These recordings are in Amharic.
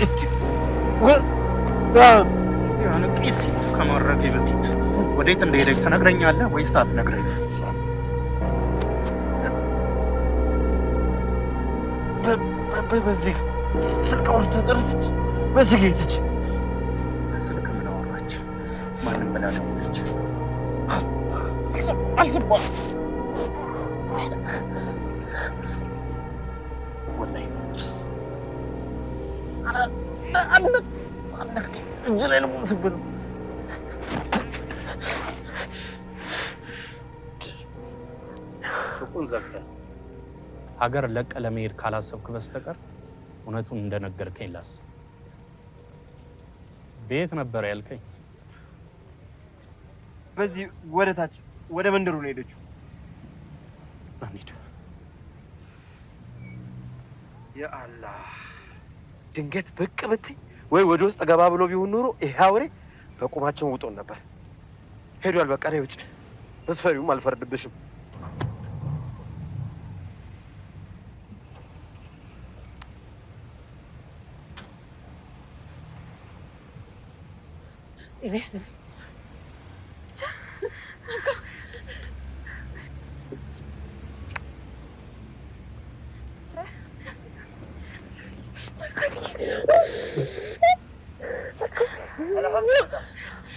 ቄስ um, ከማድረጌ በፊት ወዴት እንደሄደች ትነግረኛለህ ወይስ አትነግረኝ? በዚህ ስልክ አውርታ ጨረሰች። በዚህ ሄደች። ስልክ ምን አወራች? ማንም ብላ ደወለች? አይሰማም እጅ ላይ ልሞትብህ ነው። ሱቁን ዘግተህ ሀገር ለቀህ ለመሄድ ካላሰብክ በስተቀር እውነቱን እንደነገርከኝ ላስ ቤት ነበር ያልከኝ። በዚህ ወደ ታች ወደ መንደሩ ነው ሄደችው። ያ አላህ ድንገት ብቅ ብትይ ወይ ወደ ውስጥ ገባ ብሎ ቢሆን ኖሮ ይሄ አውሬ በቁማችን ውጦን ነበር። ሄዷል። በቃ ነይ ውጭ። ብትፈሪውም አልፈርድብሽም። ይበስል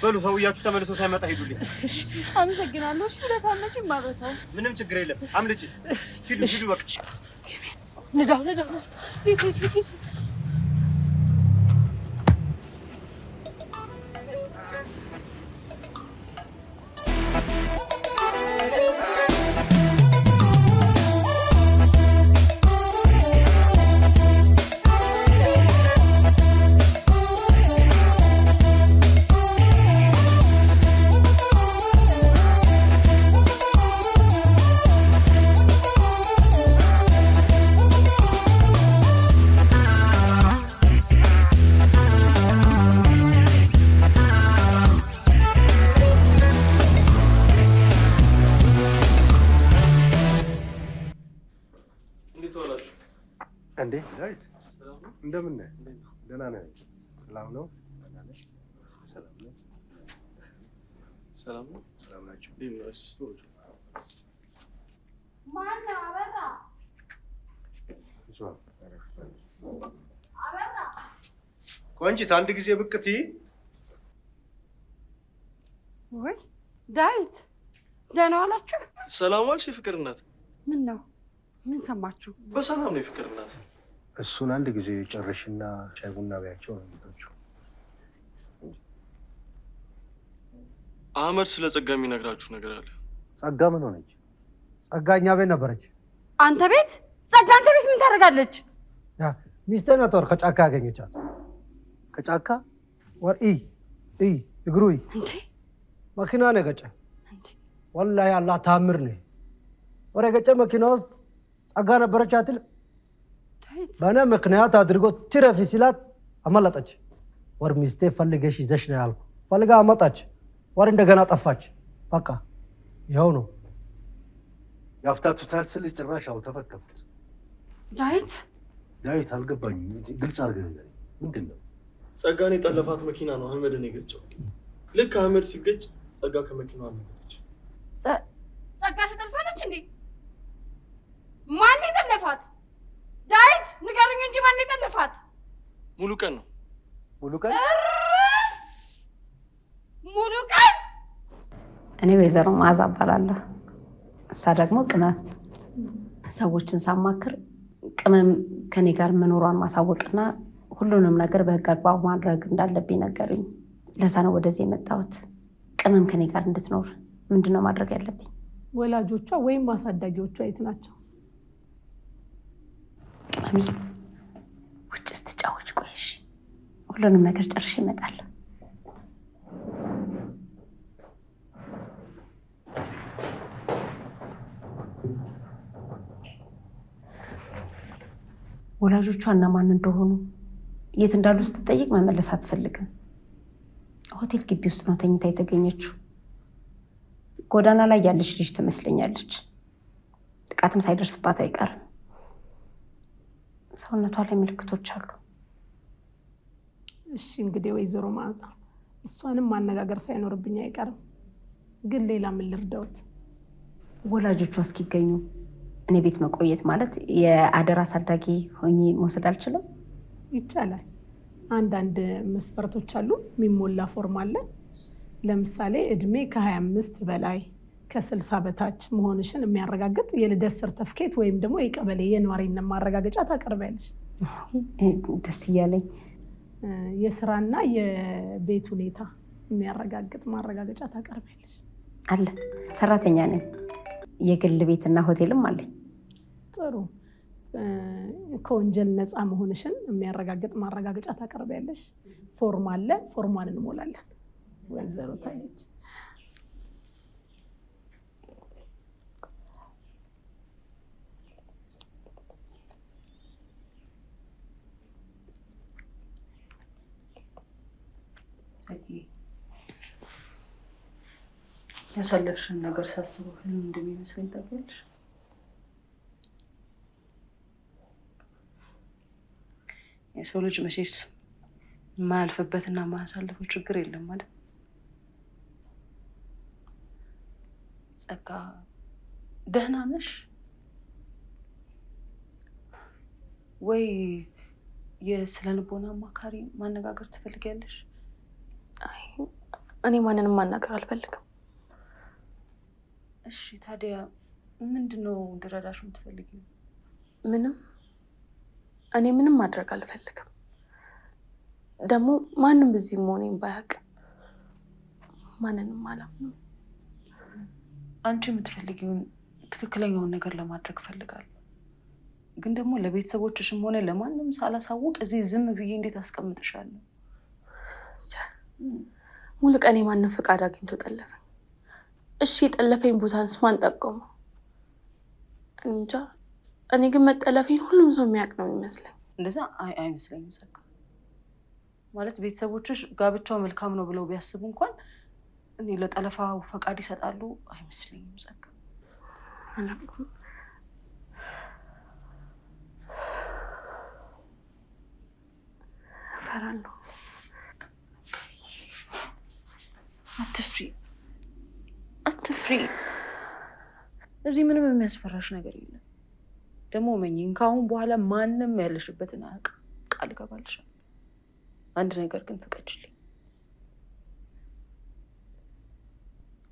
በሉ ሰውያችሁ ተመልሶ ሳይመጣ ሄዱልኝ። እሺ፣ አመሰግናለሁ። እሺ፣ ለታመጪ ማረሳው ምንም ችግር የለም። አምልጪ፣ ሂዱ፣ ሂዱ። በቃ ንዳው፣ ንዳው፣ ሂድ፣ ሂድ፣ ሂድ እንደምን ነህ? ደህና ነህ? ሰላም ነው? ሰላም ነው። ቆንጂት አንድ ጊዜ ብቅ ትይ። ወይ ዳዊት ደህና ዋላችሁ? ሰላም ዋልሽ የፍቅር እናት። ምን ነው ምን ሰማችሁ? በሰላም ነው የፍቅር እናት እሱን አንድ ጊዜ ጨርሽና ሻይ ቡና ቢያቸው ነው የሚላችሁ። አህመድ ስለ ጸጋ የሚነግራችሁ ነገር አለ። ጸጋ ምን ሆነች? ጸጋ እኛ ቤት ነበረች። አንተ ቤት? ጸጋ አንተ ቤት ምን ታደርጋለች? ሚስቴ ናት። ከጫካ ያገኘቻት። ከጫካ ወር ይ እይ እግሩ ይ መኪና ነው የገጨ። ወላሂ አላህ ታምር ነው። ወር የገጨ መኪና ውስጥ ጸጋ ነበረች አትል በእኔ ምክንያት አድርጎ ትረፊ ሲላት አመለጠች። ወር ሚስቴ ፈልገሽ ይዘሽ ነው ያልኩ። ፈልጋ አመጣች። ወር እንደገና ጠፋች። በቃ ይኸው ነው። ያፍታቱታል ስል ጭራሽ አው ተፈተፉት። ዳዊት ዳዊት አልገባኝም። ግልጽ አድርገህ ንገረኝ። ምንድን ነው? ጸጋን የጠለፋት መኪና ነው አህመድን የገጨው። ልክ አህመድ ሲገጭ ጸጋ ከመኪናው አለፈች። ጸጋ ተጠልፋለች እንዴ? ማን የጠለፋት? እውነት ንገሩኝ እንጂ ማን የጠለፋት? ሙሉ ቀን ነው። ሙሉ ቀን ሙሉ ቀን። እኔ ወይዘሮ መዓዛ እባላለሁ። እሳ ደግሞ ቅመም። ሰዎችን ሳማክር ቅመም ከኔ ጋር መኖሯን ማሳወቅና ሁሉንም ነገር በህግ አግባብ ማድረግ እንዳለብኝ ነገሩኝ። ለዛ ነው ወደዚህ የመጣሁት። ቅመም ከኔ ጋር እንድትኖር ምንድነው ማድረግ ያለብኝ? ወላጆቿ ወይም አሳዳጊዎቿ የት ናቸው? ማሚ ውጭ ስትጫወች ቆይሽ። ሁሉንም ነገር ጨርሽ ይመጣል። ወላጆቿ እነማን እንደሆኑ የት እንዳሉ ስትጠይቅ መመለስ አትፈልግም። ሆቴል ግቢ ውስጥ ነው ተኝታ የተገኘችው። ጎዳና ላይ ያለች ልጅ ትመስለኛለች። ጥቃትም ሳይደርስባት አይቀርም። ሰውነቷ ላይ ምልክቶች አሉ። እሺ እንግዲህ ወይዘሮ መዓዛ እሷንም ማነጋገር ሳይኖርብኝ አይቀርም። ግን ሌላ ምን ልርዳውት? ወላጆቿ እስኪገኙ እኔ ቤት መቆየት ማለት የአደራ አሳዳጊ ሆኜ መውሰድ አልችልም? ይቻላል። አንዳንድ መስፈርቶች አሉ፣ የሚሞላ ፎርም አለ። ለምሳሌ እድሜ ከሀያ አምስት በላይ ከስልሳ በታች መሆንሽን የሚያረጋግጥ የልደት ሰርተፍኬት ወይም ደግሞ የቀበሌ የነዋሪነት ማረጋገጫ ታቀርቢያለሽ። ደስ እያለኝ የስራና የቤት ሁኔታ የሚያረጋግጥ ማረጋገጫ ታቀርቢያለሽ። አለ ሰራተኛ ነኝ። የግል ቤትና ሆቴልም አለኝ። ጥሩ። ከወንጀል ነፃ መሆንሽን የሚያረጋግጥ ማረጋገጫ ታቀርቢያለሽ። ፎርም አለ። ፎርሟን እንሞላለን። ወይዘሮ ታየች ጽጌ ያሳለፍሽን ነገር ሳስበው ህልም እንደሚመስለኝ ታውቂያለሽ። የሰው ልጅ መቼስ የማያልፍበትና የማያሳልፈው ችግር የለም ማለት ጸጋ፣ ደህና ነሽ ወይ? የስነ ልቦና አማካሪ ማነጋገር ትፈልጊያለሽ? እኔ ማንንም ማናገር አልፈልግም። እሺ ታዲያ ምንድን ነው እንድረዳሽ የምትፈልጊው? ምንም፣ እኔ ምንም ማድረግ አልፈልግም። ደግሞ ማንም እዚህ መሆኔን ባያውቅ ማንንም አላምንም። አንቺ የምትፈልጊውን ትክክለኛውን ነገር ለማድረግ እፈልጋለሁ፣ ግን ደግሞ ለቤተሰቦችሽም ሆነ ለማንም ሳላሳውቅ እዚህ ዝም ብዬ እንዴት አስቀምጥሻለሁ? ሙሉ ቀን የማንም ፈቃድ አግኝቶ ጠለፈኝ። እሺ የጠለፈኝ ቦታንስ ማን ጠቆመ? እንጃ። እኔ ግን መጠለፈኝ ሁሉም ሰው የሚያውቅ ነው የሚመስለኝ። እንደዛ አይመስለኝም። ጸጋ ማለት ቤተሰቦችሽ ጋብቻው መልካም ነው ብለው ቢያስቡ እንኳን እኔ ለጠለፋው ፈቃድ ይሰጣሉ አይመስለኝም። ጸጋ እፈራለሁ። አትፍሪ፣ አትፍሪ። እዚህ ምንም የሚያስፈራሽ ነገር የለም። ደግሞ መኝን ከአሁን በኋላ ማንም ያለሽበትን አያውቅም። ቃል እገባልሻለሁ። አንድ ነገር ግን ፍቀጅልኝ።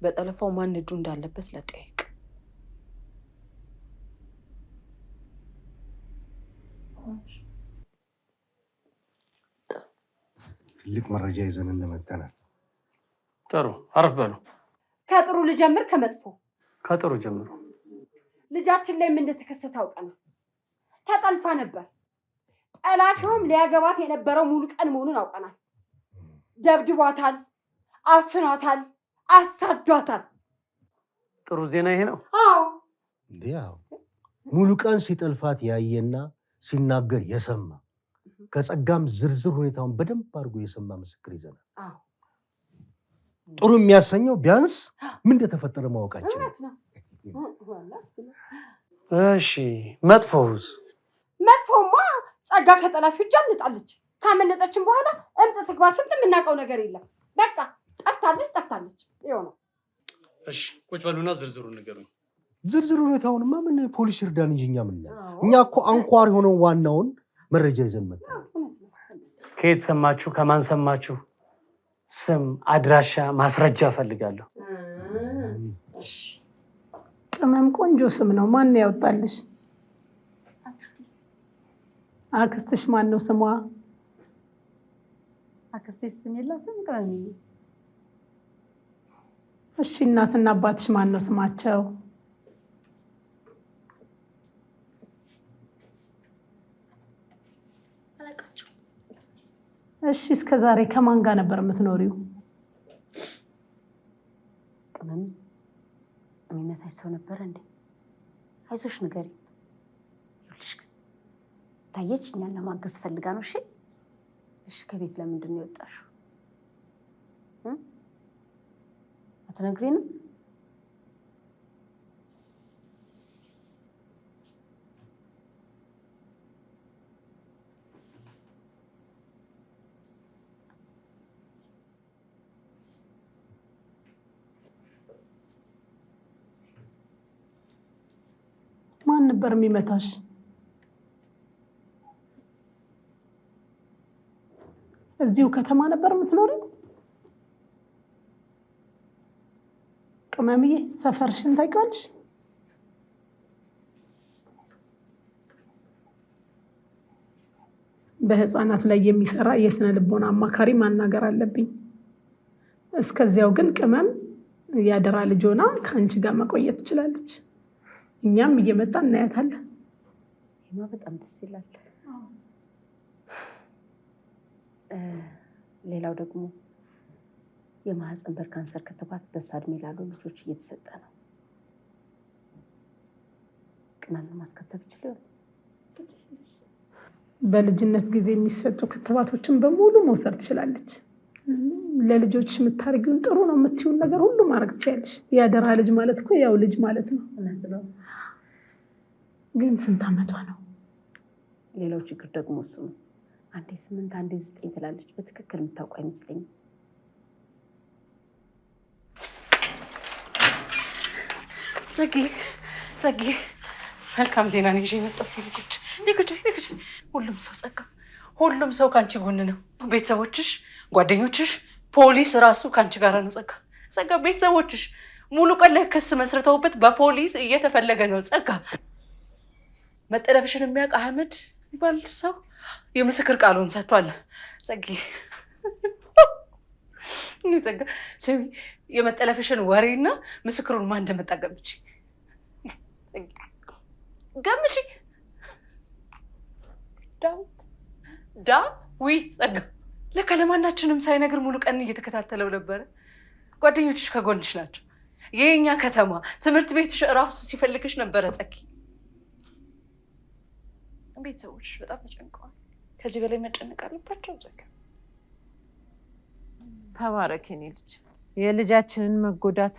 በጠለፋው ማን እጁ እንዳለበት ለጠይቅ። ትልቅ መረጃ ይዘን እንመጣለን። ጥሩ አረፍ በሉ። ከጥሩ ልጀምር ከመጥፎ? ከጥሩ ጀምሩ። ልጃችን ላይ ምን እንደተከሰተ ተጠልፋ ነበር። ጠላፊውም ሊያገባት የነበረው ሙሉ ቀን መሆኑን አውቀናል። ደብድቧታል፣ አፍኗታል፣ አሳዷታል። ጥሩ ዜና ይሄ ነው። አዎ ሙሉ ቀን ሲጠልፋት ያየና ሲናገር የሰማ ከጸጋም ዝርዝር ሁኔታውን በደንብ አድርጎ የሰማ ምስክር ይዘናል። ጥሩ የሚያሰኘው ቢያንስ ምን እንደተፈጠረ ማወቃችን። እሺ መጥፎውስ? መጥፎማ ጸጋ ከጠላፊ እጅ አምልጣለች። ካመለጠችን በኋላ እምጥ ትግባ ስምጥ የምናውቀው ነገር የለም። በቃ ጠፍታለች፣ ጠፍታለች ይኸው ነው። እሺ ቁጭ በሉና ዝርዝሩን ንገሩኝ። ዝርዝር ሁኔታውንማ ምን ፖሊስ ይርዳን እንጂ እኛ ምን እኛ እኮ አንኳር የሆነው ዋናውን መረጃ ይዘን መጣ። ከየት ሰማችሁ? ከማን ሰማችሁ? ስም፣ አድራሻ፣ ማስረጃ እፈልጋለሁ። ቅመም ቆንጆ ስም ነው። ማን ያወጣልሽ? አክስትሽ ማን ነው ስሟ? አክስትሽ ስም የላትም? ቅመም። እሺ እናትና አባትሽ ማን ነው ስማቸው? እሺ እስከ ዛሬ ከማን ጋር ነበር የምትኖሪው? ቅመም የሚመታች ሰው ነበር እንዴ? አይዞሽ ንገሪ ይልሽ ታየች። እኛን ለማገዝ ፈልጋ ነው። እሺ እሺ። ከቤት ለምንድን ነው የወጣሽው? አትነግሪንም? ነበር የሚመታሽ? እዚሁ ከተማ ነበር የምትኖሪ? ቅመምዬ ሰፈርሽን ታውቂዋለሽ? በህፃናት ላይ የሚሰራ የስነ ልቦና አማካሪ ማናገር አለብኝ። እስከዚያው ግን ቅመም ያደራ ልጆና ከአንቺ ጋር መቆየት ትችላለች። እኛም እየመጣ እናያታለን። ማ በጣም ደስ ይላል። ሌላው ደግሞ የማህፀን በር ካንሰር ክትባት በእሷ እድሜ ላሉ ልጆች እየተሰጠ ነው። ቅመም ማስከተብ ይችላል። በልጅነት ጊዜ የሚሰጡ ክትባቶችን በሙሉ መውሰድ ትችላለች። ለልጆች የምታደርጊውን ጥሩ ነው የምትይውን ነገር ሁሉ ማድረግ ትችላለች። ያደራ ልጅ ማለት እኮ ያው ልጅ ማለት ነው። ግን ስንት አመቷ ነው? ሌላው ችግር ደግሞ እሱ ነው። አንዴ ስምንት አንዴ ዘጠኝ ትላለች። በትክክል የምታውቁ አይመስለኝም። ጸጌ ጸጌ፣ መልካም ዜና ነው ይዤ የመጣሁት። ልጆች ንጉድ ንጉድ። ሁሉም ሰው ጸጋ፣ ሁሉም ሰው ከአንቺ ጎን ነው። ቤተሰቦችሽ፣ ጓደኞችሽ፣ ፖሊስ ራሱ ከአንቺ ጋር ነው። ጸጋ ጸጋ፣ ቤተሰቦችሽ ሙሉ ቀን ላይ ክስ መስርተውበት በፖሊስ እየተፈለገ ነው ጸጋ መጠለፍሽን የሚያውቅ አህመድ ይባል ሰው የምስክር ቃሉን ሰጥቷል። ጸጊ ስሚ፣ የመጠለፍሽን ወሬና ምስክሩን ማን እንደመጣ ገምች ገምሽ። ዳዊት ጸጋ ለካ ለማናችንም ሳይነግር ሙሉ ቀን እየተከታተለው ነበረ። ጓደኞችሽ ከጎንሽ ናቸው። የኛ ከተማ ትምህርት ቤትሽ እራሱ ሲፈልግሽ ነበረ ጸኪ ቤተሰቦችሽ በጣም ተጨንቀዋል። ከዚህ በላይ መጨነቅ አለባቸው? ዘጋ ተባረክ የኔ ልጅ። የልጃችንን መጎዳት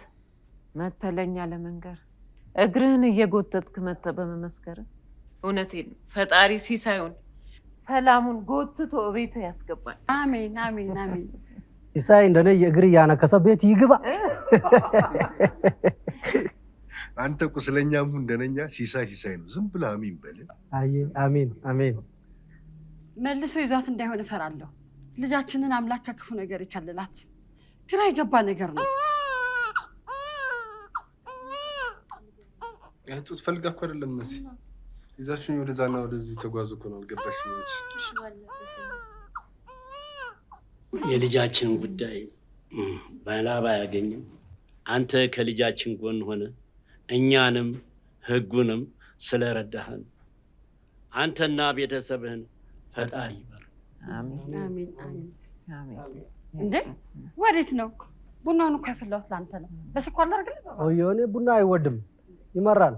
መተለኛ ለመንገር እግርህን እየጎተትክ መተ በመመስከር እውነቴን ፈጣሪ ሲሳዩን ሰላሙን ጎትቶ ቤት ያስገባል። አሜን አሜን አሜን። ሲሳይ እንደኔ የእግር እያነከሰ ቤት ይግባ። አንተ ቁስለኛም እንደነኛ ሲሳይ ሲሳይ ነው። ዝም ብለህ አሚን በል። አሚን አሚን። መልሶ ይዟት እንዳይሆን እፈራለሁ። ልጃችንን አምላክ ከክፉ ነገር ይከልላት። ግራ የገባ ነገር ነው። ጡት ፈልጋ እኮ አይደለም መሲ ይዛሽን ወደዛና ወደዚህ ተጓዙ እኮ ነው። ነች። የልጃችን ጉዳይ በላ ባያገኝም አንተ ከልጃችን ጎን ሆነ እኛንም ህጉንም ስለረዳህን አንተና ቤተሰብህን ፈጣሪ ይበር። እንዴ ወዴት ነው? ቡናውን እኮ የፈላሁት ለአንተ ነው። በስኳር ላድርግልህ? እኔ ቡና አይወድም ይመራል።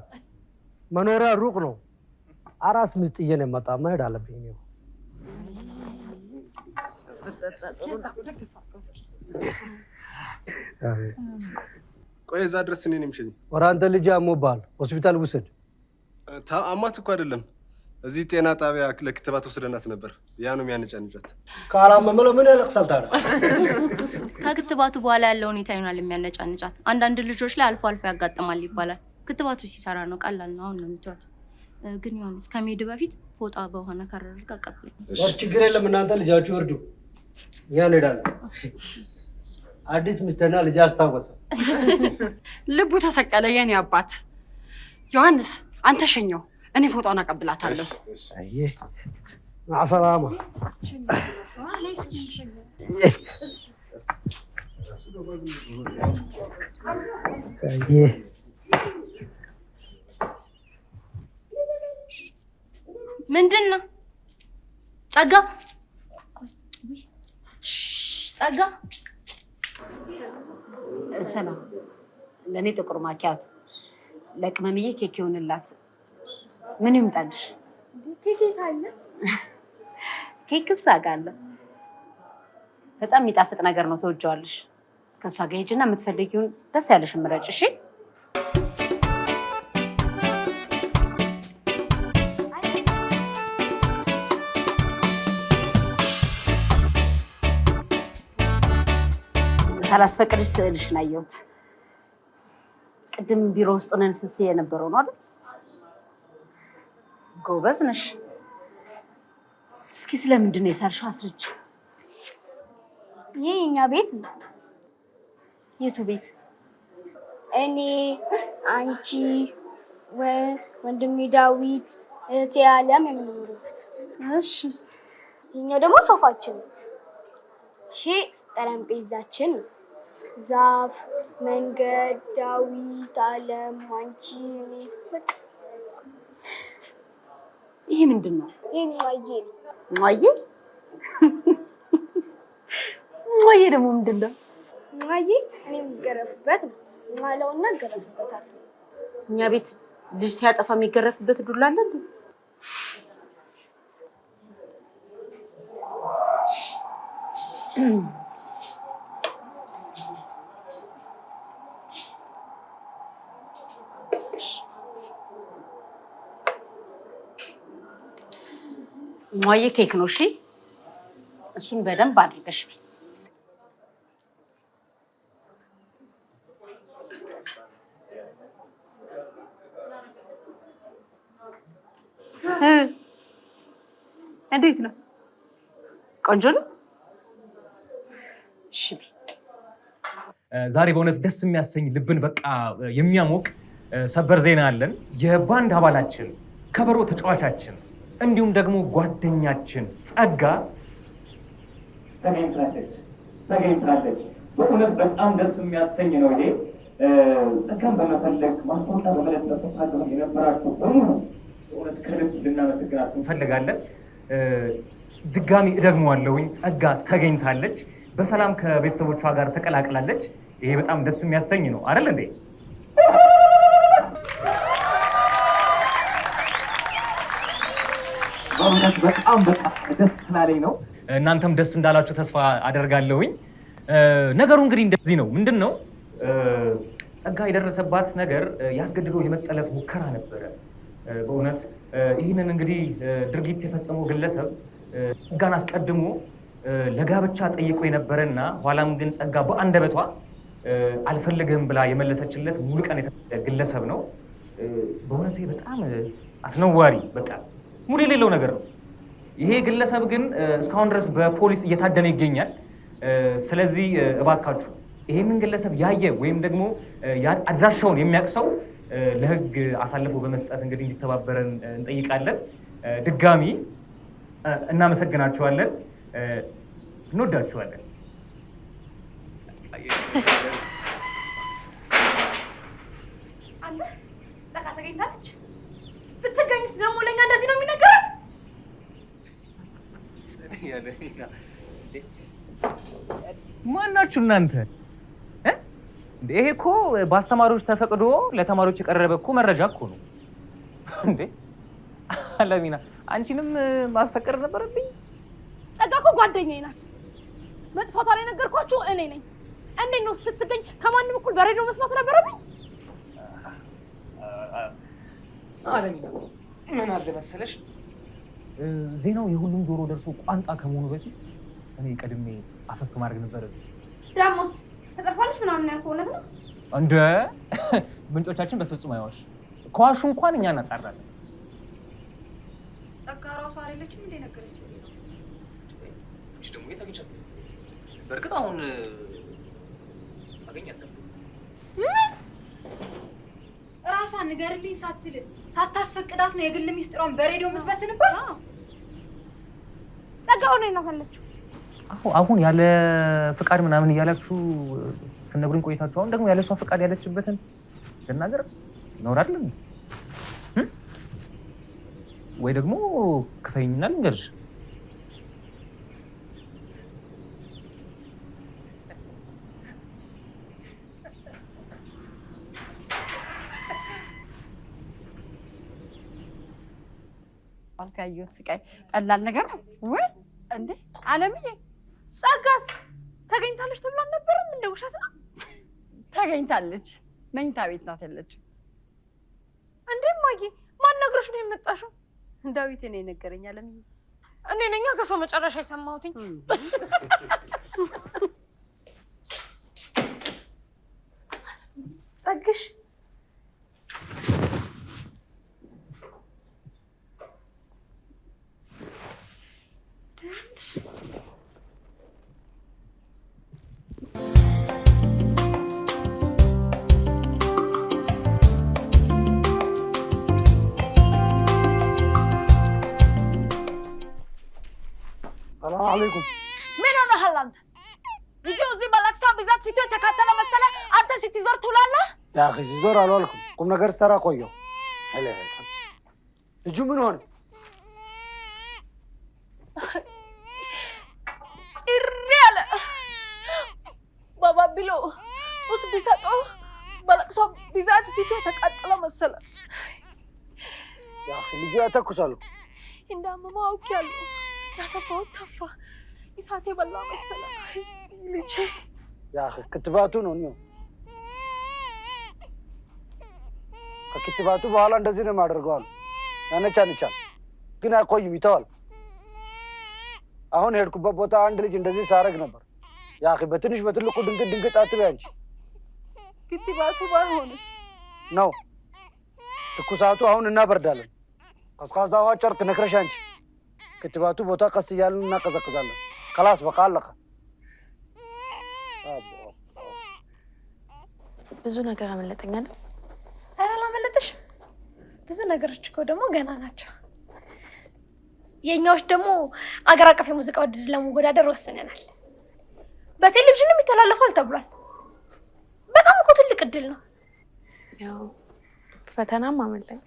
መኖሪያ ሩቅ ነው። አራስ ሚስት ነው የመጣ መሄድ አለብኝ። ቆይ እዛ ድረስ እኔ ነው የሚሸኘኝ። አንተ ልጅ አሞብሃል፣ ሆስፒታል ውሰድ። አማት እኮ አይደለም እዚህ ጤና ጣቢያ ለክትባት ወስደናት ነበር። ያ ነው የሚያነጫንጫት። ካላመመለው ምን ያለቅሳል ታዲያ? ከክትባቱ በኋላ ያለው ሁኔታ ይሆናል የሚያነጫንጫት። አንዳንድ ልጆች ላይ አልፎ አልፎ ያጋጥማል ይባላል። ክትባቱ ሲሰራ ነው፣ ቀላል ነው። አሁን ነው የሚተዋት። ግን ዮሐንስ ከመሄድ በፊት ፎጣ በሆነ ካረርግ አቀብለኝ። ችግር የለም እናንተ ልጃችሁ ወርዱ፣ እኛ እንሄዳለን። አዲስ ሚስትና ልጅ አስታወሰ። ልቡ ተሰቀለ። የኔ አባት ዮሐንስ፣ አንተ ሸኘው፣ እኔ ፎጣን አቀብላታለሁ። ሰላማ ምንድን ነው ጸጋ ጸጋ እንሰና ለእኔ ጥቁር ማኪያቱ ለቅመምዬ ኬክ ይሆንላት። ምን ይምጣልሽ? ኬክ ሳጋለ በጣም የሚጣፍጥ ነገር ነው። ተወጀዋለሽ። ከእሷ ጋር ሂጂና የምትፈልጊውን ደስ ያለሽ ምረጭ። እሺ ሳላስፈቅድሽ ስዕልሽን አየሁት። ቅድም ቢሮ ውስጥ ሆነን ስንስዬ የነበረው ነው አይደል? ጎበዝ ነሽ። እስኪ ስለምንድን ነው የሳልሽው? አስረጅ። ይህ የኛ ቤት ነው። የቱ ቤት? እኔ፣ አንቺ፣ ወንድሜ ዳዊት፣ እህቴ አለም የምንኖርበት። እሺ። ይህኛው ደግሞ ሶፋችን፣ ይሄ ጠረጴዛችን ነው። ዛፍ፣ መንገድ፣ ዳዊት፣ አለም፣ አንቺ፣ እኔ በቃ ይሄ ምንድን ነው? ይሄ ሟዬ ነው። ሟዬ ሟዬ ደግሞ ምንድን ነው? ሟዬ እኔ የሚገረፍበት ነው። ማለውና ገረፍበታል። እኛ ቤት ልጅ ሲያጠፋ የሚገረፍበት ዱላ አለ እንዴ? Mm. ሟዬ ኬክ ነው። እሺ እሱን በደንብ አድርገሽ እንዴት ነው? ቆንጆ ነው። ዛሬ በእውነት ደስ የሚያሰኝ ልብን በቃ የሚያሞቅ ሰበር ዜና አለን። የባንድ አባላችን ከበሮ ተጫዋቻችን እንዲሁም ደግሞ ጓደኛችን ጸጋ ተገኝታለች ተገኝታለች። በእውነት በጣም ደስ የሚያሰኝ ነው ይሄ። ጸጋን በመፈለግ ማስታወቂያ በመለጠፍ ስታገዙ የነበራችሁ በሙሉ በእውነት ከልብ ልናመሰግናችሁ እንፈልጋለን። ድጋሚ እደግመዋለሁኝ፣ ጸጋ ተገኝታለች፣ በሰላም ከቤተሰቦቿ ጋር ተቀላቅላለች። ይሄ በጣም ደስ የሚያሰኝ ነው አይደል እንዴ? በእውነት በጣም በቃ ደስ ስላለኝ ነው። እናንተም ደስ እንዳላችሁ ተስፋ አደርጋለሁኝ። ነገሩ እንግዲህ እንደዚህ ነው። ምንድን ነው ጸጋ የደረሰባት ነገር ያስገድዶ የመጠለፍ ሙከራ ነበረ። በእውነት ይህንን እንግዲህ ድርጊት የፈጸመው ግለሰብ ጸጋን አስቀድሞ ለጋብቻ ጠይቆ የነበረና ኋላም ግን ጸጋ በአንደበቷ አልፈልግህም ብላ የመለሰችለት ሙሉቀን የተባለ ግለሰብ ነው። በእውነት በጣም አስነዋሪ በቃ ሙሉ የሌለው ነገር ነው። ይሄ ግለሰብ ግን እስካሁን ድረስ በፖሊስ እየታደነ ይገኛል። ስለዚህ እባካችሁ ይህንን ግለሰብ ያየ ወይም ደግሞ አድራሻውን የሚያውቅ ሰው አሳልፎ በመስጠት እንግዲህ እንዲተባበረን እንጠይቃለን። ድጋሚ እናመሰግናችኋለን። እንወዳችኋለን። አንተ ጸቃ ተገኝታለች። ብትገኝስ ደግሞ ለእኛ እንደዚህ ነው የሚነገረን? ማናችሁ እናንተ? ይሄ እኮ በአስተማሪዎች ተፈቅዶ ለተማሪዎች የቀረበ እኮ መረጃ እኮ ነው እንዴ! አለሚና አንቺንም ማስፈቀድ ነበረብኝ። ጸጋ እኮ ጓደኛዬ ናት። መጥፋቷ ላይ ነገርኳችሁ እኔ ነኝ። እንዴት ነው ስትገኝ ከማንም እኩል በሬዲዮ መስማት ነበረብኝ። አለሚና ምን አለ መሰለሽ ዜናው የሁሉም ጆሮ ደርሶ ቋንጣ ከመሆኑ በፊት እኔ ቀድሜ አፈፍ ማድረግ ነበር። ዳሞስ ተጠርፋለች ምናምን ያልከው እውነት ነው እንደ ምንጮቻችን በፍጹም አይዋሽ። ከዋሹ እንኳን እኛ እናጣራለን። ጸጋ አይደለችም እንደ ነገረች ደግሞ የት አግኝቻት? በእርግጥ አሁን አገኛት ንገርልኝ ሳትል ሳታስፈቅዳት ነው የግል ሚስጥሯን በሬዲዮ የምትበትንበት። ጸጋው ነው እናታለችው። አሁን ያለ ፍቃድ ምናምን እያላችሁ ስነግሩኝ ቆይታችሁ አሁን ደግሞ ያለ እሷ ፍቃድ ያለችበትን ልናገር ነውር አይደለም ወይ? ደግሞ ክፈይኝና ልንገርሽ ያየሁት ስቃይ ቀላል ነገር ነው ወይ እንዴ? አለምዬ ጸጋስ ተገኝታለች ተብሎ አልነበረም? እንደ ውሸት ነው። ተገኝታለች። መኝታ ቤት ናት ያለችው። እንዴ ማየ ማን ነግሮሽ ነው የመጣሽው? ዳዊት ነው የነገረኝ። አለምዬ እኔ ነኛ ከሰው መጨረሻ የሰማሁትኝ። ጸግሽ አለይኩም ምን ሆነሃል አንተ? ልጁ እዚህ በለቅሶ ብዛት ፊቱ የተካተለ መሰለ። አንተ ስትዞር ትውላለህ። ያ ሲዞር አልዋልኩም፣ ቁም ነገር ሰራ ቆየሁ። ልጁ ምን ሆነ? እሪ አለ ባባ ቢሎ ጡት ቢሰጦ በለቅሶ ብዛት ፊቱ የተቃጠለ መሰለ። ልጁ ያተኩሳሉ እንዳመማ አውቄያለሁ እሳቴ በላ መሰለ ልጄ። ያ ክትባቱ ነው እኒው ከክትባቱ በኋላ እንደዚህ ነው የማደርገዋል። ያነቻንቻል፣ ግን አይቆይም፣ ይተዋል። አሁን የሄድኩበት ቦታ አንድ ልጅ እንደዚህ ሳረግ ነበር። ያ በትንሽ በትልቁ ድንግጥ ድንግጥ አትበይ አንቺ። ክትባቱ ባይሆንስ ነው ትኩሳቱ። አሁን እናበርዳለን። ቀዝቃዛ ውሃ ጨርቅ ነክረሽ አንቺ ክትባቱ ቦታ ቀስ እያልን እናቀዘቅዛለን። ከላስ በቃ አለቀ። ብዙ ነገር አመለጠኛል። ኧረ አላመለጠሽም። ብዙ ነገሮች እኮ ደግሞ ገና ናቸው። የእኛዎች ደግሞ አገር አቀፍ የሙዚቃ ውድድር ለመወዳደር ወስነናል። በቴሌቪዥንም ይተላለፋል ተብሏል። በጣም እኮ ትልቅ እድል ነው። ያው ፈተናም አመለጠኝ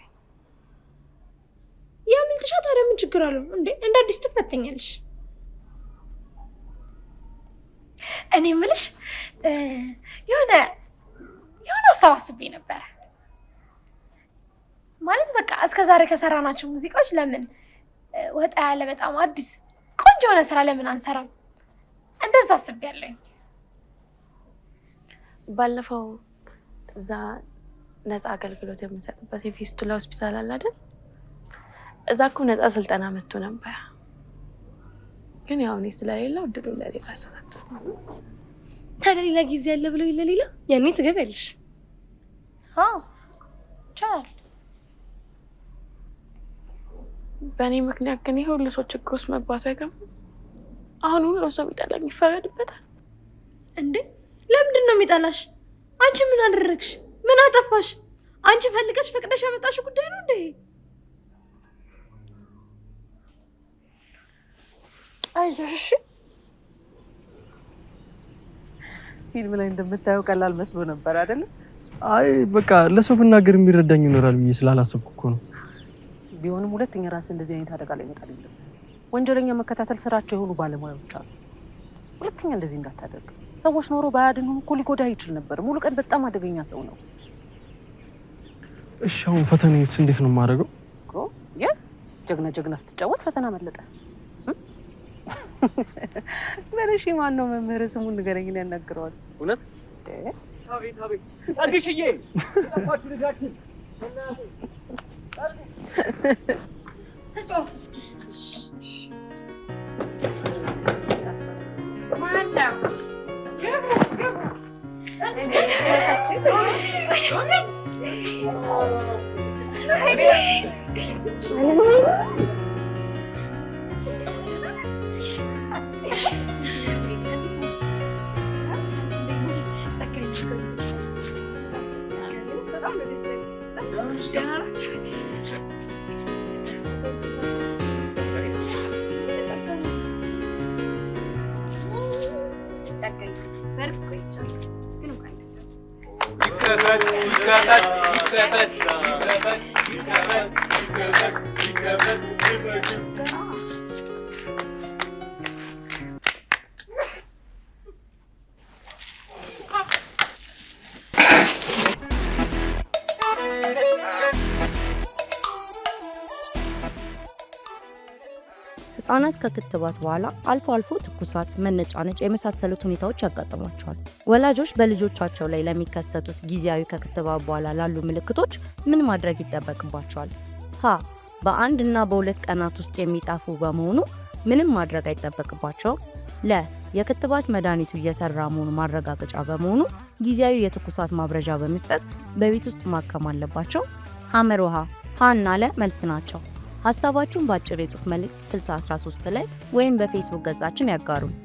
ምን ችግር አለው እንዴ? እንደ አዲስ ትፈተኛለሽ። እኔ ምልሽ የሆነ የሆነ ሀሳብ አስቤ ነበረ ማለት በቃ እስከ ዛሬ ከሰራናቸው ሙዚቃዎች ለምን ወጣ ያለ በጣም አዲስ ቆንጆ የሆነ ስራ ለምን አንሰራም? እንደዛ አስቤ ያለኝ ባለፈው እዛ ነፃ አገልግሎት የምንሰጥበት የፌስቱላ ሆስፒታል አለ አይደል? እዛ እኮ ነፃ ስልጠና መጥቶ ነበር፣ ግን ያው እኔ ስለሌላ እድሉ ለሌላ ሰው ሰጥቶት ታዲያ ሌላ ጊዜ አለ ብለው ለሌላ ያኔ ትገቢያለሽ። ይቻላል። በእኔ ምክንያት ግን ይሄ ሁሉ ሰው ችግር ውስጥ መግባቱ አይገርምም? አሁን ሁሉ ሰው የሚጠላኝ ይፈረድበታል እንዴ? ለምንድን ነው የሚጠላሽ? አንቺ ምን አደረግሽ? ምን አጠፋሽ? አንቺ ፈልገሽ ፈቅደሽ ያመጣሽ ጉዳይ ነው እንዴ? አይዞሽ እሺ። ፊልም ላይ እንደምታየው ቀላል መስሎ ነበር አይደለም። አይ በቃ ለሰው ብናገር የሚረዳኝ ይኖራል ብዬ ስላላሰብኩ እኮ ነው። ቢሆንም ሁለተኛ ራስ እንደዚህ አይነት አደጋ ላይ መጣል ወንጀለኛ መከታተል ስራቸው የሆኑ ባለሙያዎች አሉ። ሁለተኛ እንደዚህ እንዳታደርግ። ሰዎች ኖሮ ባያድንሁም እኮ ሊጎዳ ይችል ነበር። ሙሉ ቀን በጣም አደገኛ ሰው ነው። እሺ አሁን ፈተናዬስ እንዴት ነው የማደርገው? ጀግና ጀግና ስትጫወት ፈተና መለጠ። ምን? እሺ ማን ነው መምህር? ስሙን ንገረኝ፣ ያናግረዋል። እውነት ጸድሽዬ፣ ልጃችን በጣም ነው ደስ ያለኝ። ደህና ናችሁ? ይከፈት ይከፈት ይከፈት ይከፈት ይከፈት ህጻናት ከክትባት በኋላ አልፎ አልፎ ትኩሳት፣ መነጫነጭ የመሳሰሉት ሁኔታዎች ያጋጥሟቸዋል። ወላጆች በልጆቻቸው ላይ ለሚከሰቱት ጊዜያዊ ከክትባት በኋላ ላሉ ምልክቶች ምን ማድረግ ይጠበቅባቸዋል? ሀ በአንድ እና በሁለት ቀናት ውስጥ የሚጣፉ በመሆኑ ምንም ማድረግ አይጠበቅባቸውም። ለ የክትባት መድኃኒቱ እየሰራ መሆኑ ማረጋገጫ በመሆኑ ጊዜያዊ የትኩሳት ማብረጃ በመስጠት በቤት ውስጥ ማከም አለባቸው። ሐመር ውሃ እና ለ መልስ ናቸው። ሀሳባችሁን በአጭር የጽሑፍ መልእክት 6013 ላይ ወይም በፌስቡክ ገጻችን ያጋሩን።